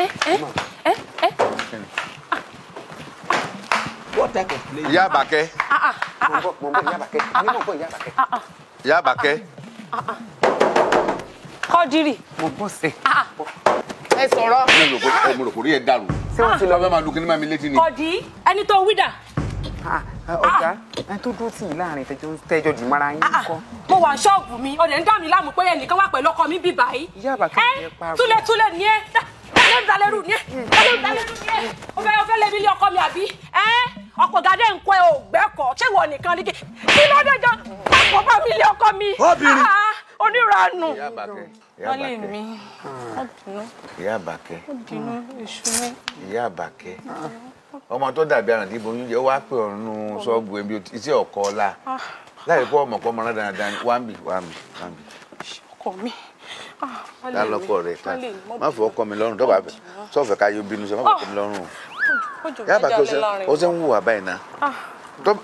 Eh, eh, eh, What type of play? Ìyá Àbàkẹ́. Mo ń bọ̀ mo ń bọ̀ Ìyá Àbàkẹ́. Mo ń bọ̀ Ìyá Àbàkẹ́. Ìyá Àbàkẹ́. Kọ́dírì. Mo bọ̀ sí. Ẹ sọ̀rọ̀. Mo rò kò rí ẹ dàrú. Ṣé wọ́n ti lọ bẹ́ẹ̀ máa lu kí ní máa mi létí ni? Kọ̀dí, ẹni tó wí dà ah, ah, ah. ọ̀gá ẹni tó dúró tì yín láàrin tẹjọ dì mara yín kọ́. mo wà ṣọ́ọ̀bù mi ọ̀dẹ̀ ń dà mí láàmú pé ẹnìkan wà pẹ̀lú ọkọ mi bíbá yìí. ìyá àbàkẹ́ ẹ parọ́. túlẹ̀túlẹ̀ ni ẹ ló ń dalẹ̀ rù ní ẹ̀ ẹ̀ ló ń dalẹ̀ rù ní ẹ̀ o fẹ́ o fẹ́ lé mi lé ọkọ mi àbí ẹ́ ọkọ̀ gàdé nǹkan ẹ̀ ò gbẹ́kọ̀ ṣé wọ nìkan ní kí kí ló dé gan ọkọ̀ bá mi lé ọkọ mi ah, onírànù lọ́lẹ̀ mi ó dùnú ìyá àbàkẹ́ ó dùnú èṣù mi ìyá àbàkẹ́ ọmọ tó dàbí àrùn ìdìbò yín jẹ wá pé ọrùn sọgbù ẹbí iṣẹ́ ọkọ ọlá ah. láì kó ọmọ kọ ọmọ rẹ dáadáa wá ń ọkọ mi dá lọ́kọ̀ rẹ̀ ká má fọ ọkọ mi lọ́rùn dọ́bà bẹ̀ sọ́ọ̀fẹ̀ ká yóò bínú sí má fọ ọkọ mi lọ́rùn yàrá kí o ṣe ń wù wá báyìí ná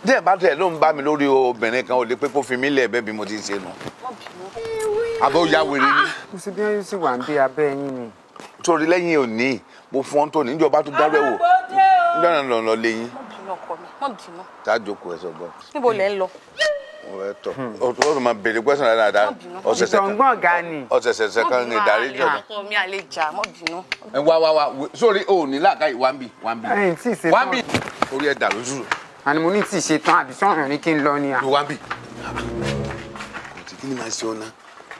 díẹ̀ ah. bá tẹ̀ ló ń bá mi lórí obìnrin kan ò lè pé kó fi mí lẹ̀ bẹ́ẹ̀ bí mo ti ń ṣe nù abẹ́ òyà wèrè ni. Ah. mo ti bí ẹyin sì wà ń bí abẹ́ ẹyin ni. torí lẹ́yìn òní mo fún ọ́n tó ní ìjọba tó dárẹ́ wò nígbà náà lọ́ọ́ lọ lẹ́yìn. má bínú ọkọ mi má bínú. tá a jókòó ẹ sọ níbo lẹ ń lọ ọ̀tọ̀ o tó máa béèrè question dáadáa dáa ọ̀sẹ̀sẹ̀ kan ọ̀sẹ̀sẹ̀ kan ní ìdáríjọ náà. ọkọ mi àlè jà mọ́ bínú. ẹ wá wá wá sórí o ní làákàyè wá ń bì wá ń bì. ẹyìn tí ì ṣe tán wá ń bì orí ẹ dà lójú. àní mo ní tí ì ṣe tán àbí sọ̀rọ̀ ní kí n lọ ni. wá ń bì kò tí kí ni màá ṣe ọ náà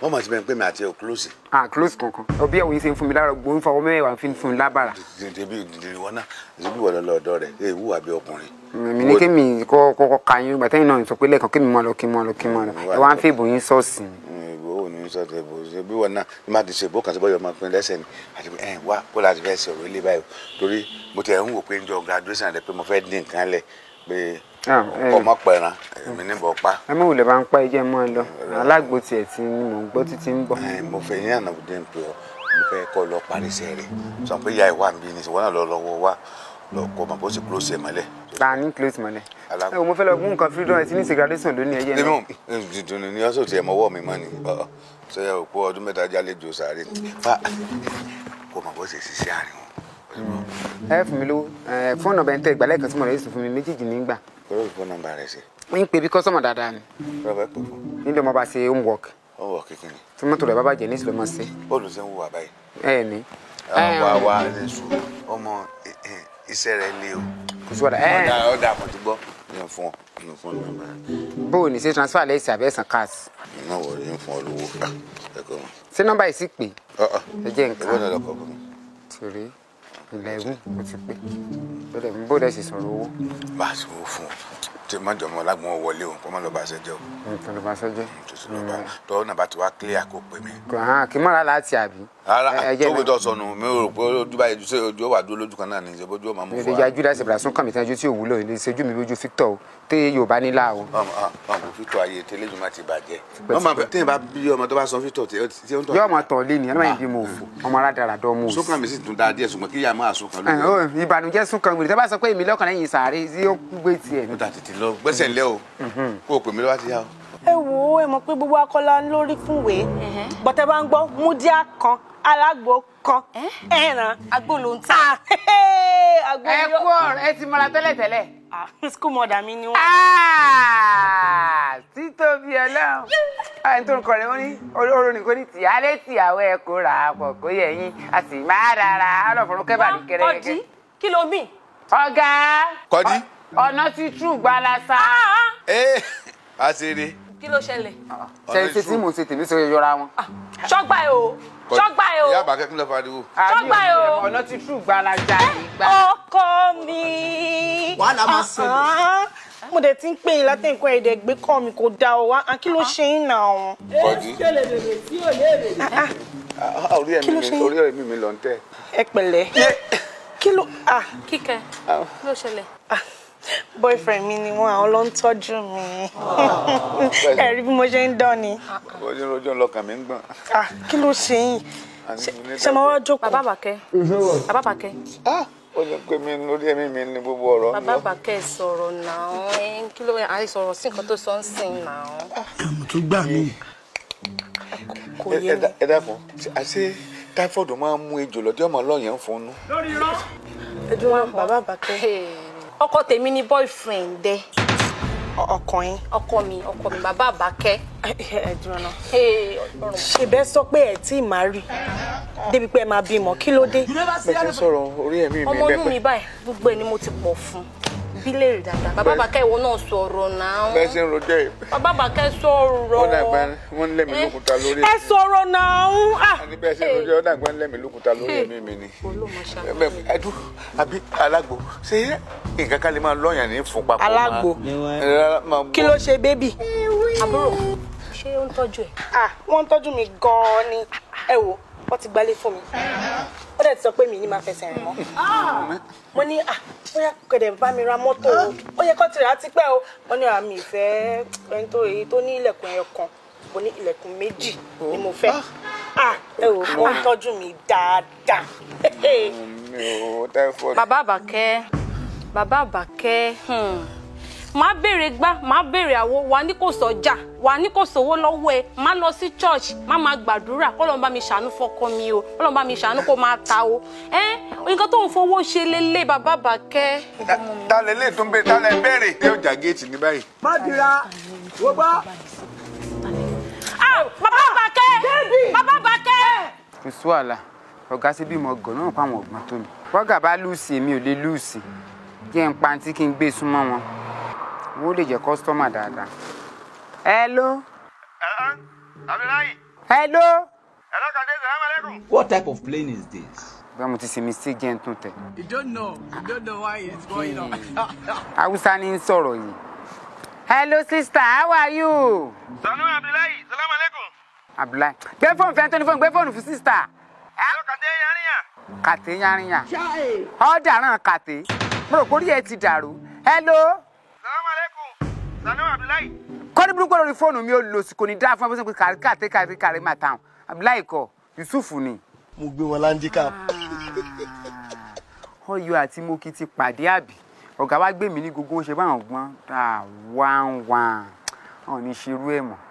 wọ́n mọ̀ sí bẹ́ẹ̀ pé mi àti ẹ̀ close. ah close kankan òbí ẹ̀wọ̀n yìí ṣe ń fún mi lára gbòó ń fọwọ́ mẹ́wàá fi ń fún mi lábàrà. dèbí dèbí wọn náà dèbí wọn lọ ọ̀dọ̀ rẹ̀ èyí wúwà bí ọkùnrin. mi ní kí mi kọ́ kọ́kọ́ ka yín gbàtẹ́ yín náà sọ pé lẹ́ẹ̀kan kí mi máa lọ kí mi máa lọ kí mi máa lọ ẹ wá ń fẹ́ ìbòyín sọ́ọ̀sì. Mm, ìbòwò ní sọ́ọ̀sì ìbòwò wọn náà ní máa ti ṣe ìbò kàṣẹ́ bọ́yọ̀ máa pin lẹ́sẹ̀ ni àti ẹ̀ Ah, ọmọ pẹran èmi níbọ̀ pa. ẹ mọ̀ wùlẹ̀ bá ń pa ẹjẹ́ mọ́ ẹ lọ alágbó tiẹ̀ ti ni mò ń gbọ́ títí ń bọ̀. mo fẹ́ ní àná bùdé pé ọ mo fẹ́ kọ́ lọ parí iṣẹ́ rẹ̀ sọ pé ìyá ìwà mi ni ìṣòwò náà lọ lọ́wọ́ wa lọ kọ́ ọmọ bó sì kúrò sí ẹ mọ́lẹ̀. ta ni kúrò sí mọ́lẹ̀. ẹ mo fẹ́ lọ mú nǹkan freedom ẹ ti ní segregation lónìí ẹyẹ náà. dídùn ni ọsọ tiẹ̀ mọ́wọ́ mi mọ́ ni sọ yẹ òpó ọdún mẹ́ta jálè jù sáré fa kó ọmọ bó sì ṣiṣẹ́ àárín wọn ẹ fún mi lówó fóònù ọbẹ̀ ń tẹ kan tí mo rẹ̀ fún mi méjèèjì nígbà. kúrò fóònù nọ́mbà rẹ ṣe. ń pè bí kọ́sọ́mọ̀ dáadáa ni. rọ́bẹ̀ pè fún. nílò mo bá ṣe homework. homework kí ni. tí mọ́tò rẹ̀ bá bàjẹ́ ní ìṣòro máa ṣe. bóòlù ṣe ń wù wá báyìí. ẹ ẹ ní. wà um, ọmọ eh, eh, iṣẹ́ rẹ̀ lé o. kò sí wàdà ẹ. ọ̀dà àmọ̀ ti gbọ́ yẹn o ní ṣe transfer lẹ́sìn àbẹ́ san cash. iná wọ̀ yẹn fún ọ lówó ah, ẹ kọ́ mi. ṣé nọ́mbà yìí sì pè. ẹ jẹ́ nǹkan. ìwé náà lọ kọ́ fún mi. torí ilẹ̀ ẹ̀gún kò ti pé bọ́dẹ̀ mi bọ́dẹ̀ sì sọ̀rọ̀ owó. bá a ṣe wo fún un tí má jọmọ lágbọn wọlé òun kó má lọ bá a ṣẹjẹ o. nǹkan ló bá a ṣẹjẹ. tuntun ló bá tọ́ nàbà tí wàá clear kó pè mí. Ah, kì í mọ̀ra láti àbí. ara tó bí tó sọnù mi ò rò pé ojú báyìí ṣe ojú ó wà dúró lójú kan náà ní ìṣe bójú ó máa mú fún wa. ìdíjà judas ibrahim sún kàmí tẹ́jú tí ò wúlò ilé ìṣẹ́jú mi lójú Victor o tẹ́ Yorùbá nílá o. ọmọ Victor ayé tẹ́lẹ̀ jù má ti bàjẹ́. tí yẹn bá bí ọmọ tó bá sọ Victor tí ó ń tọ́. yọ ọmọ tọ̀ lé ni ọmọ yẹn bí mo fò ah. ọmọ aládàradọ́ mo. sókàn mi máa sún kan lórí. ìbànújẹ́ sún kan bá sọ pé èmi lọ́kàn lẹ́yìn sàárè tí ó kú gbé tiẹ̀. mo ta tètè lọ gbẹ́sẹ̀ ńlẹ́ o mhm. kó o pè mí lọ́wọ́ ti yá o. ẹ wo ẹ mọ̀ pé gbogbo akọ́lá lórí fún wèé gbọ́tẹ́ mhm. bá ń gbọ́ múdíá kan alágbó kan eh? ẹ̀ràn agbóhùn ló ń ta. Ah, ẹ kú ọ̀rọ̀ ẹ ti mọra tẹ́lẹ̀tẹ́lẹ̀. Ah, school mother mi ni wọ́n. Ah, títóbi ọlọ́run ah, ẹni tó ń kọrin wọn ní oró nìkan ní tìyálé tìyàwó ẹ kó ra pọ̀ kó yẹ yín a sì máa rárá ọlọ́fọ̀rún kẹ́bà ní kẹrẹ́kẹ́. kọ́dí kí ló mì. ọ̀gá ọ̀nà ti tú gbalasa. Ah, ee eh, a ṣe ni kí ló ṣẹlẹ̀. ṣe tí mo ṣe tèmi ṣe yọra wọn. Ah, ṣọ́gbà ẹ̀ o ṣọ́gbà ẹ̀ o. ìyá àbákẹ́ kí ló fa ariwo. ṣọ́gbà ẹ̀ o. ọ̀nà ti tú gbalaja ìgbà. ọkọ mi. wàhálà máa ah, ṣẹlẹ̀. Ah. mo dẹ̀ ti ń pè yín látẹ̀ nǹkan ẹ̀dẹ̀ gbé kọ́ mi kò da ọ wá kí ló ṣe yín nà ọ. kọ́dí orí ẹ̀mí mi lọ ń tẹ̀. ẹ pẹ̀lẹ́ kí ló. kíkẹ́ kí ló ṣẹlẹ̀ boyfriend mi ni wọn àwọn ló ń tọ́jú mi ah. ẹ̀rí bí mo ṣe ń dán ni. ojú ojú ọlọkàn mi ń gbọ̀n. Ah, kí ló ṣe yín ṣe máa wá jókòó. bàbá bàkẹ́ bàbá bàkẹ́. Ah, ó ní pé mi lórí ẹ̀mí mi ni gbogbo ọ̀rọ̀ mi lọ. bàbá bàkẹ́ sọ̀rọ̀ náà kí ló àìsọ̀rọ̀ sí nǹkan tó sọ ń sìn náà. ẹ̀mú tó gbà mí. ẹ dákun àṣé táífọ̀dù máa ń mú ejò lọ́jọ́ mọ́ lọ́yàn fún un. lórí irọ́. ẹjọ́ bàbá bàkẹ́ ọkọ tèmi ni boyfriend dẹ. ọkọ yín. ọkọ mi ọkọ mi bàbá àbákẹ́. ẹ dúró náà. ṣe bẹ́ẹ̀ sọ pé ẹ tí ì máa rí débi pé ẹ máa bímọ kí ló dé. bẹ́ẹ̀ sọ̀rọ̀ orí ẹ̀mí mi bẹ́ẹ̀ pẹ́. ọmọ inú mi báyìí gbogbo ẹ̀ ni mo ti pọ̀ fún bí léèrè dáadáa bàbá bàkẹ́ ìwọ náà sọ̀rọ̀ náà. bẹ́ẹ̀ ṣe ń rojọ́ yìí. bàbá bàkẹ́ sọ̀rọ̀. ó dàgbà wọ́n ń lẹ̀mí eh, lókùúta lórí. ẹ sọ̀rọ̀ náà. àti ah. bẹ́ẹ̀ ṣe ń rojọ́ ó dàgbà ń lẹ̀mí lókùúta lórí ẹ̀mí eh, mi ni. Eh, ẹdú àbí alágbo ṣé nǹkan ká lè máa lọ́yàn ní fún papọ̀. alágbo kí ló ṣe bébì. àbúrò ṣé ó ń tọ́jú ẹ̀. Ah, ó dẹ̀ ti sọ pé mi ní máa fẹsẹ̀ rìn mọ́ mo ní à ah, bóyá kẹ̀dẹ̀ bá mi ra mọ́tò o ó yẹ kó ti rà pẹ́ o wọ́n ní àmì ah, ìfẹ́ ẹni tó èyí tó ní ilẹ̀kùn ẹyọ kan mo ní ilẹ̀kùn méjì ni mo fẹ́ ah, ẹ wò ó tọ́jú mi dáadáa. bàbá àbàkẹ́ bàbá àbàkẹ́. Hmm má béèrè gbá má béèrè àwo wà ní kò sọ́jà wà ní kò sówó lọ́wọ́ ẹ má lọ sí church má máa gbàdúrà kọ́lọ́n bá mi ṣàánú fọ́kọ mi o kọ́lọ́n bá mi ṣàánú kó máa ta o ẹ nǹkan tó ń fowó ṣe lélẹ̀ bàbá bàkẹ́. dalẹ̀ lè tún bẹ dalẹ̀ bẹ̀rẹ̀ dé ọjà géètì ní báyìí. má dira wọ́n bá. Ah, bàbá ah, bàkẹ́ bàbá bàkẹ́. Eh. kò sí wàhálà ọ̀gá sí bímọ ọgọ̀ náà fáwọn ọ̀gbọ́n tó mi. wọ́gà bá lùsì èmi ò lè lùsì kí n pa àǹtí kí n gbé súnmọ́ wọn wo lè jẹ́ kọ́sítọ́mà dáadáa. hello. abdullahi. hello. hello kàdé salamu aleykum. what type of plane is this. bẹ́ẹ̀ mo ti ṣe mistake jẹ́ n you don't know you don't know why it's going on. Ah, hausa ni ń sọ̀rọ̀ yìí. hello sister how are you. sanu abdullahi salamu aleykum. abdullahi gbé fóònù fẹ́ tó ní fóònù gbé fóònù fún sister. hello kàdé yarinyan. kàdé yarinyan. ọ̀daràn kàdé mo rò kórìí ẹ ti dàrú. hello wọ́n ní burúkú lórí fóònù mi ò lò sí kò ní dáa fún ẹ bó ṣe pé kàrí kàrí kàrí kàrí máa tàn abdullahi kọ yusuf ni. mo gbé wọn láńdíkà. Ah. ọ̀yọ́ àti moki ti pàdé àbí ọ̀gá wa gbé mi ní gbogbo ṣe báwọn gbọ́n wá ń wá ọ̀ ní ṣerú ẹ̀ mọ́.